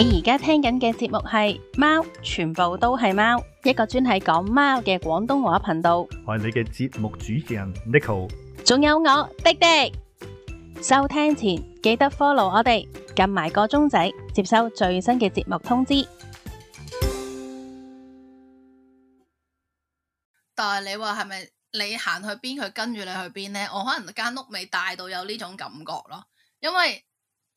你而家聽緊嘅節目係《貓》，全部都係貓，一個專係講貓嘅廣東話頻道。我係你嘅節目主持人 Neko，仲有我，廸廸。收聽前記得 follow 我哋，撳埋個鐘仔，接收最新嘅節目通知。但係你話係咪你行去邊，佢跟住你去邊呢？我可能間屋未大到有呢種感覺咯，因為。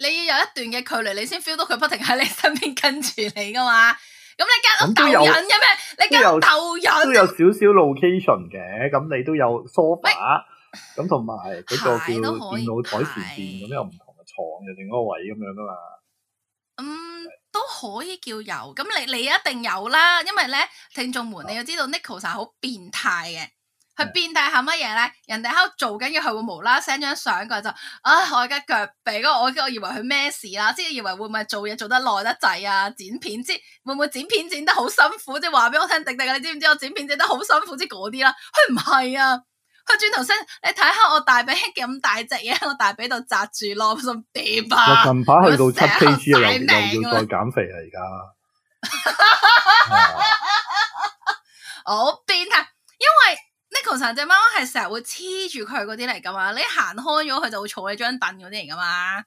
你要有一段嘅距離，你先 feel 到佢不停喺你身邊跟住你噶嘛。咁你跟個豆引咁咩？有你跟豆引都有少少 location 嘅。咁你都有梳化，咁同埋佢個叫電腦台，前邊咁有唔同嘅牀嘅另一個位咁樣噶嘛。嗯，的都可以叫有。咁你你一定有啦，因為咧，聽眾們你要知道 Neko 好變態嘅。變態係乜嘢咧？人哋喺度做緊嘅，佢會無啦啦 send 張相過嚟就啊，我而家腳肥嗰我我以為佢咩事啦？即係以為會唔會做嘢做得耐得滯啊？剪片，即係會唔會剪片剪得好辛苦？即係話俾我聽，迪迪，你知唔知我剪片剪得好辛苦？即係嗰啲啦，佢唔係啊！佢轉頭先，你睇下我大髀咁大隻嘢，我大髀度扎住落，仲肥吧？近排去到七 K G 又又要再減肥啦，而家我變態，因為。你 Neko 成隻貓係成日會黐住佢嗰啲嚟噶嘛？你行開咗佢就會坐喺張凳嗰啲嚟噶嘛？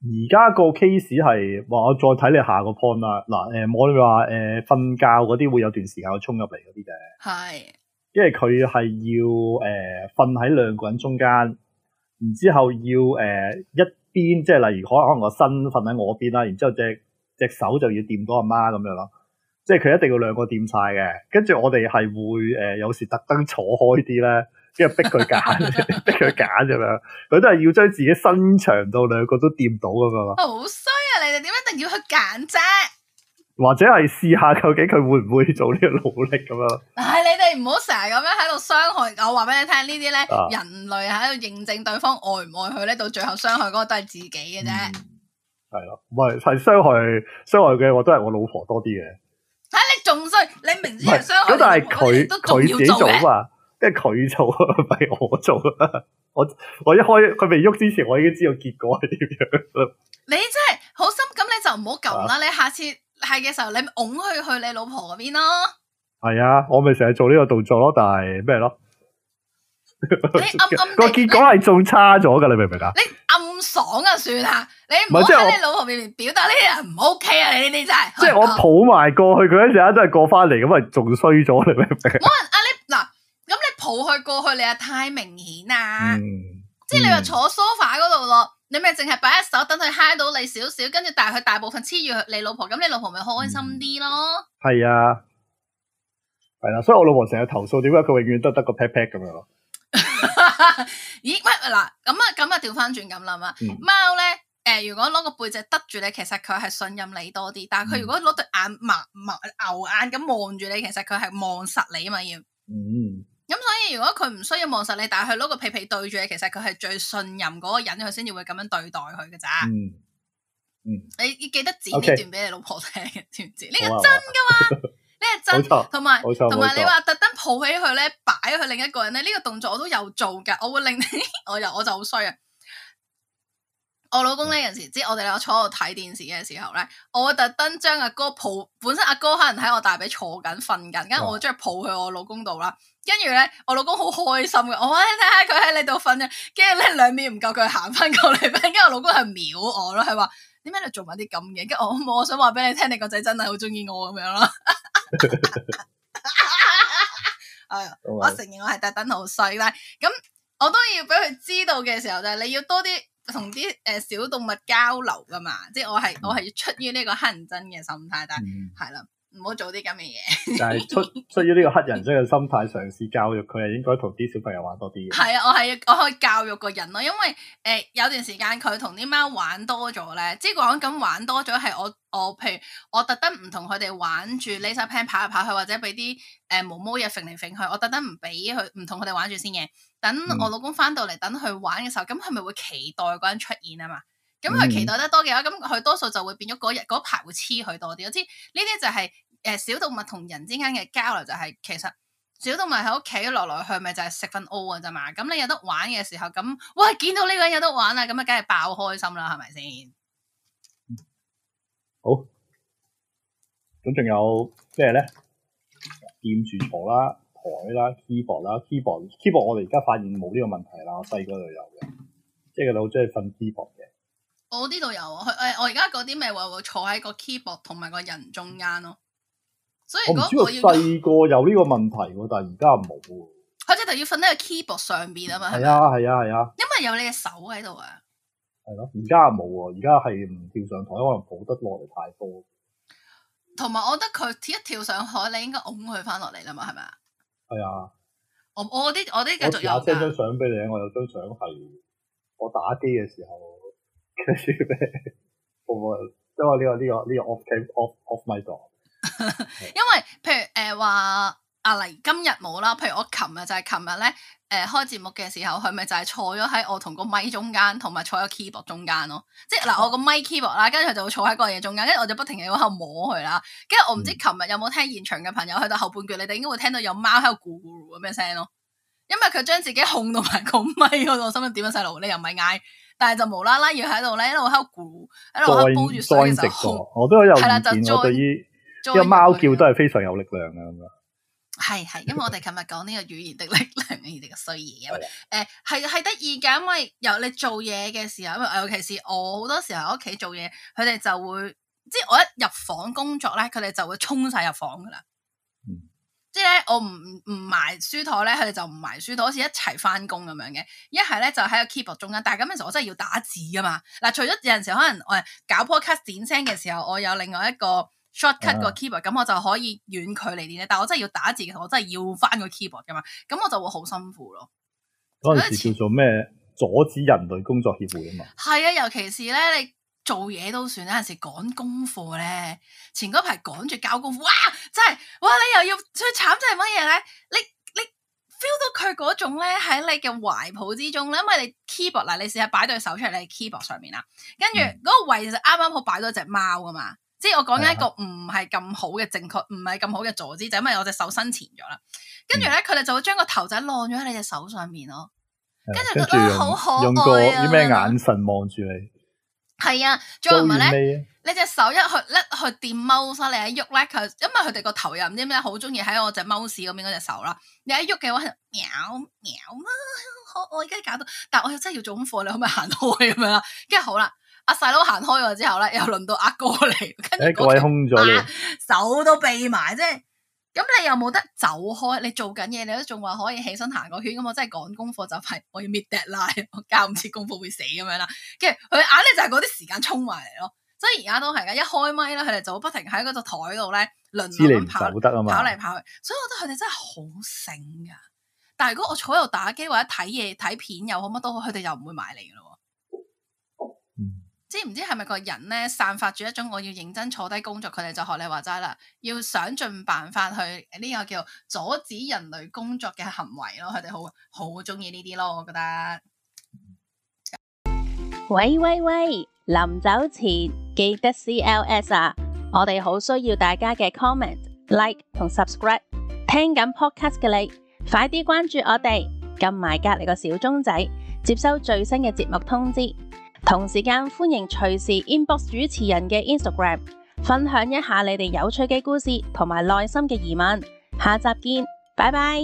而家個 case 係話我再睇你下個 point 啦。嗱、呃，誒，我哋話誒，瞓覺嗰啲會有段時間會衝入嚟嗰啲嘅。係是，因為佢係要誒瞓喺兩個人中間，然之後，要誒、呃、一邊即係例如可、可能我身瞓喺我邊啦，然之後隻隻手就要掂到阿媽咁樣咯。即係佢一定要兩個掂曬嘅，跟住我哋係會、呃、有時特登坐開啲咧，跟住逼佢揀， 逼佢揀咁樣，佢都係要將自己伸長到兩個都掂到咁樣。好衰啊！你哋點解一定要去揀啫？或者係試下究竟佢會唔會做呢個努力咁樣？唉、啊，你哋唔好成日咁樣喺度傷害我，話俾你聽呢啲咧，啊、人類喺度認證對方愛唔愛佢咧，到最後傷害嗰個都係自己嘅啫。係啦、嗯，唔係係傷害傷害嘅話都係我老婆多啲嘅。你明知傷害，但係佢佢自己做啊，即係佢做，唔係我做啊！我我一開佢未喐之前，我已經知道結果係點樣，你真係好心，咁你就唔好撳啦。你下次係嘅時候，你拱佢去你老婆嗰邊咯。係啊，我咪成日做呢個動作咯，但係咩咯？你，你個結果係做差咗噶，你明唔明啊？你。咁爽啊，算啦，你唔好喺你老婆面前表達呢啲人唔 OK 啊！你呢啲真係，即係我抱埋過去佢一陣時啊，真係過翻嚟咁咪仲衰咗，你明唔明？冇人啊，你嗱咁你抱佢過去，你又太明顯喇！嗯、即係你話坐 sofa 嗰度咯，嗯、你咪淨係擺一手等佢嗨到你少少，跟住但係佢大部分黐住你老婆，咁你老婆咪開心啲咯。係啊，係啦、啊，所以我老婆成日投訴，點解佢永遠都得個 pat pat 咁樣咯？ 咦？乜嗱？咁啊，咁啊，調翻轉咁諗啊。貓咧，誒，如果攞個背脊得住你，其實佢係信任你多啲。但係佢如果攞對眼望牛眼咁望住你，其實佢係望實你嘛要。嗯。咁所以如果佢唔需要望實你，但係佢攞個屁屁對住你，其實佢係最信任嗰個人，佢先至會咁樣對待佢噶咋。嗯,嗯。你要記得剪呢段俾你老婆聽，Okay. 知唔知？呢個真噶嘛？呢係真。同埋同埋你話錯特登抱起佢咧，擺佢另一個人咧，呢、這個動作我都有做噶，我會令我又 我就好衰啊。我老公咧有陣時，即我哋兩個坐喺度睇電視嘅時候咧，我會特登將阿哥抱，本身阿哥可能喺我大髀坐緊瞓緊，跟住，哦、我將佢抱去我老公度啦，跟住咧我老公好開心嘅，我話你睇下佢喺你度瞓啫，跟住咧兩秒唔夠佢行翻過嚟，跟住我老公係瞄我咯，係話點解你做埋啲咁嘅。跟住我冇，我想話俾你聽，你個仔真係好中意我咁樣咯。 我承認我係特登好衰啦。咁我都要俾佢知道嘅時候就係、係、你要多啲同啲誒小動物交流噶嘛。即係我係我係要出於呢個乞人憎嘅心態，但係係啦。唔好做啲咁嘅嘢。但係出出於呢個黑人真嘅心態， 嘗試教育佢係應該同啲小朋友玩多啲嘅。係啊，我係我可以教育個人咯，因為誒、呃、有段時間佢同啲貓玩多咗咧，即係講咁玩多咗係我我譬如我特登唔同佢哋玩住 laser pen 跑嚟跑去，或者俾啲誒毛毛嘢揈嚟揈去，我特登唔俾佢唔同佢哋玩住先嘅。等我老公翻到嚟，等佢玩嘅時候，咁佢咪會期待嗰陣出現啊嘛？咁佢期待得多嘅話，咁佢多數就會變咗嗰日嗰排會黐佢多啲。我知呢啲就係、是。誒，小動物同人之間嘅交流就係、是、其實小動物喺屋企落嚟去咪就係食瞓屙啊咋嘛？咁你有得玩嘅時候，咁喂見到呢個人有得玩啊，咁啊梗係爆開心啦，係咪先？好，咁仲有咩咧？掂住床啦、台啦、keyboard 啦、keyboard、keyboard，我哋而家發現冇呢個問題啦。細個就有嘅，即係佢好中意瞓 keyboard 嘅。我呢度有誒，我而家嗰啲咪話會坐喺個 keyboard 同埋個人中間咯。嗯唔知道細個有呢個問題喎，但係而家冇喎。佢就就要瞓喺個 keyboard 上邊啊嘛。係啊係啊係啊。啊啊因為有你嘅手喺度啊。係咯，而家冇喎，而家係唔跳上台可能抱得落嚟太多。同埋我覺得佢一跳上台，下來上海你應該拱佢翻落嚟啦嘛，係咪啊？係啊。我我啲我啲繼續有。我張相俾你，我有張相係我打機嘅時候，跟住我話：，呢啊呢啊呢啊 off off off my door 因為譬如誒話阿黎今日冇啦，譬如我琴日就係琴日咧，誒、呃、開節目嘅時候，佢咪就係坐咗喺我同個咪中間，同埋坐喺 keyboard 中間咯。即係嗱，我個咪 keyboard 啦，跟住佢就會坐喺個嘢中間，跟住我就不停嘅喺度摸佢啦。跟住我唔知琴日有冇聽現場嘅朋友、嗯、去到後半句，你哋應該會聽到有貓喺度咕咕咁嘅聲咯。因為佢將自己控到埋個咪嗰度，我心諗點樣細路，你又唔係嗌，但係就無啦啦要喺度咧，一路喺度咕，喺度喺煲住水嘅時候，再再我都有見我對一個貓叫都係非常有力量嘅，咁樣，係係， 因為我哋琴日講呢個語言的力量， 而呢嘅衰嘢啊，誒，係係得意嘅，因為由你做嘢嘅時候，尤其是我好多時候喺屋企做嘢，佢哋就會，即係我一入房工作咧，佢哋就會沖晒入房噶啦，嗯、即係咧，我唔唔埋書台咧，佢哋就唔埋書台，好似一齊翻工咁樣嘅，呢一係咧就喺個 keyboard 中間，但係咁嘅時候我真係要打字噶嘛，嗱，除咗有陣時可能我搞波 cut 剪聲嘅時候，我有另外一個。Shortcut 個 keyboard，咁、啊、我就可以遠距離啲，咧。但係我真係要打字嘅時候，我真係要翻個 keyboard 噶嘛。咁我就會好辛苦咯。嗰陣時叫做咩？阻止人類工作協會啊嘛。係啊，尤其是咧，你做嘢都算。有陣時趕功課咧，前嗰排趕住交功課。哇！真係哇！你又要最慘就係乜嘢咧？你你 feel 到佢嗰種咧喺你嘅懷抱之中咧，因為你 keyboard 嗱，你試下擺對手出嚟喺 keyboard 上面啦，跟住嗰個位就啱啱好擺咗隻貓啊嘛。即係我講緊一個唔係咁好嘅正確，唔係咁好嘅坐姿，就因為我隻手伸前咗啦，跟住咧佢哋就會將個頭仔晾咗喺你隻手上面咯，跟住覺得好好，用個咩眼神望住你？係啊，再唔係咧，你隻手一去甩去掂貓砂，你一喐呢，佢，因為佢哋個頭又唔知咩，好中意喺我隻貓屎咁樣嗰隻手啦。你一喐嘅話，喵喵啊，好我而家搞到，但係我又真係要做功課，你可唔可以行開咁樣啦？跟住好啦。阿細佬行開咗之後咧，又輪到阿哥嚟，跟住空咗，手都避埋，即係咁你又冇得走開，你做緊嘢，你都仲話可以起身行個圈，咁我真係趕功課就係、是、我要 meet deadline，交唔切功課會死咁樣啦。跟住佢眼咧就係嗰啲時間衝埋嚟咯，所以而家都係嘅。一開咪咧，佢哋就會不停喺嗰個台度咧輪流得嘛跑嚟跑去。所以我覺得佢哋真係好醒噶。但係如果我坐喺度打機或者睇嘢睇片又好，乜都好，佢哋又唔會埋嚟噶咯。知唔知係咪個人咧散發住一種我要認真坐低工作，佢哋就學你話齋啦，要想盡辦法去呢個叫阻止人類工作嘅行為咯，佢哋好好中意呢啲咯，我覺得。喂喂喂，臨走前記得 CLS 啊！我哋好需要大家嘅 comment、like 同 subscribe。聽緊 podcast 嘅你，快啲關注我哋，撳埋隔籬個小鐘仔，接收最新嘅節目通知。同時間歡迎隨時 inbox 主持人嘅 Instagram，分享一下你哋有趣嘅故事同埋內心嘅疑問。下集見，拜拜。